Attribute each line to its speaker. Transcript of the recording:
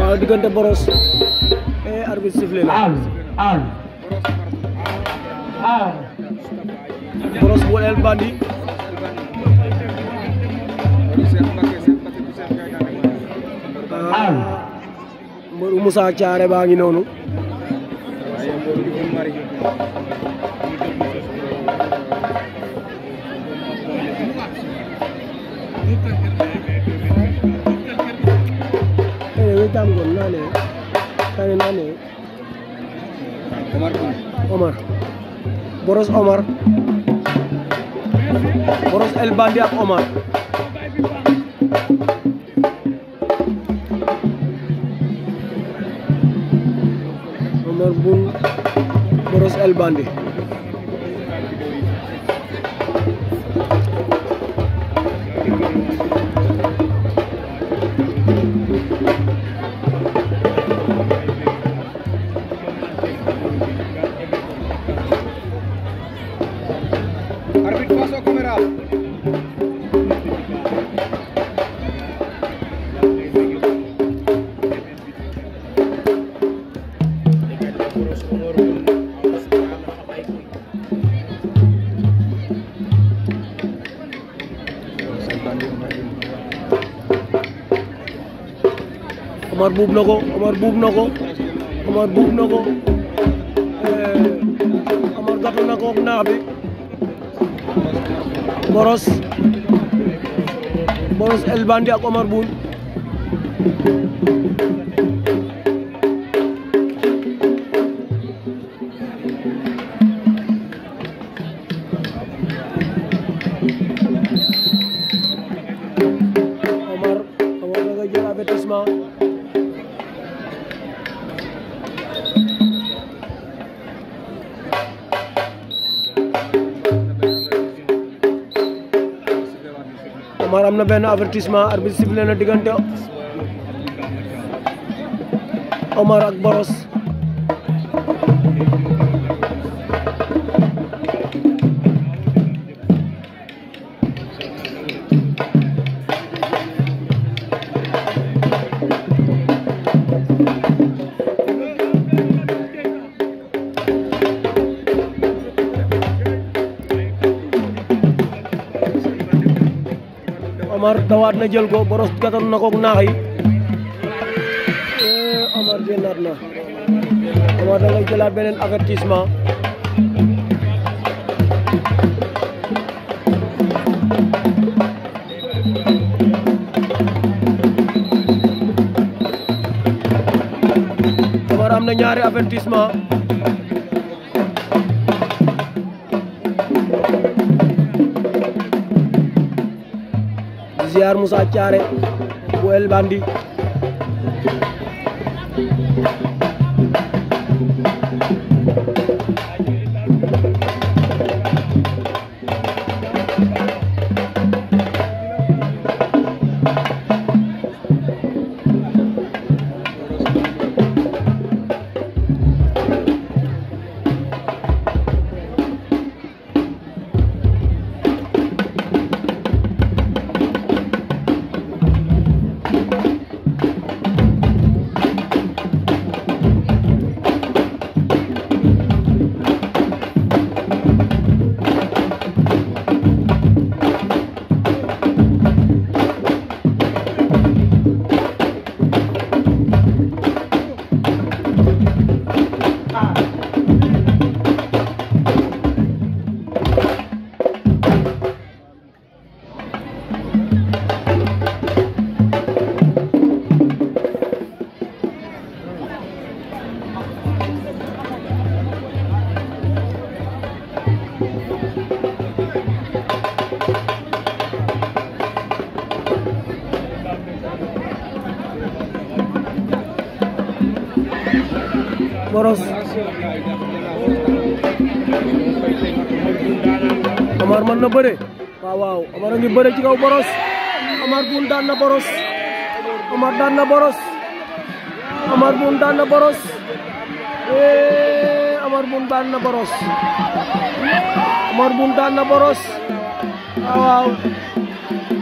Speaker 1: waaw diggante boros e arbitre sifflé la an an boros bu El Bandit Moussa Thiaré baa ngi noonu tamgon nane kane nane omar omar boros omar boros el bandi ak omar omar bun boros el bandi होगा আমার বুব নগো আমার বুব নগো আমার বুব নগো আমার ঘটনা কোক না হবে Boros Boros El Bandit ak Omar Boun Amar am na benn avertissement arbitre sifflé na diggante Omar ak Boros Amar dawaat na jël ko boros gàttal na koog naax yi Amar eh, génnaat na Amar da ngay jëlaat beneen avertissement. na ñaari avertissement. ziar Moussa Thiaré bu El Bandi boros Omar mën bëre waaw waaw Omar a ngi bëre ci kaw boros Omar Bun daan na boros Omar na boros Omar Bun daan boros eh Omar Bun daan boros Omar Bun daan boros waaw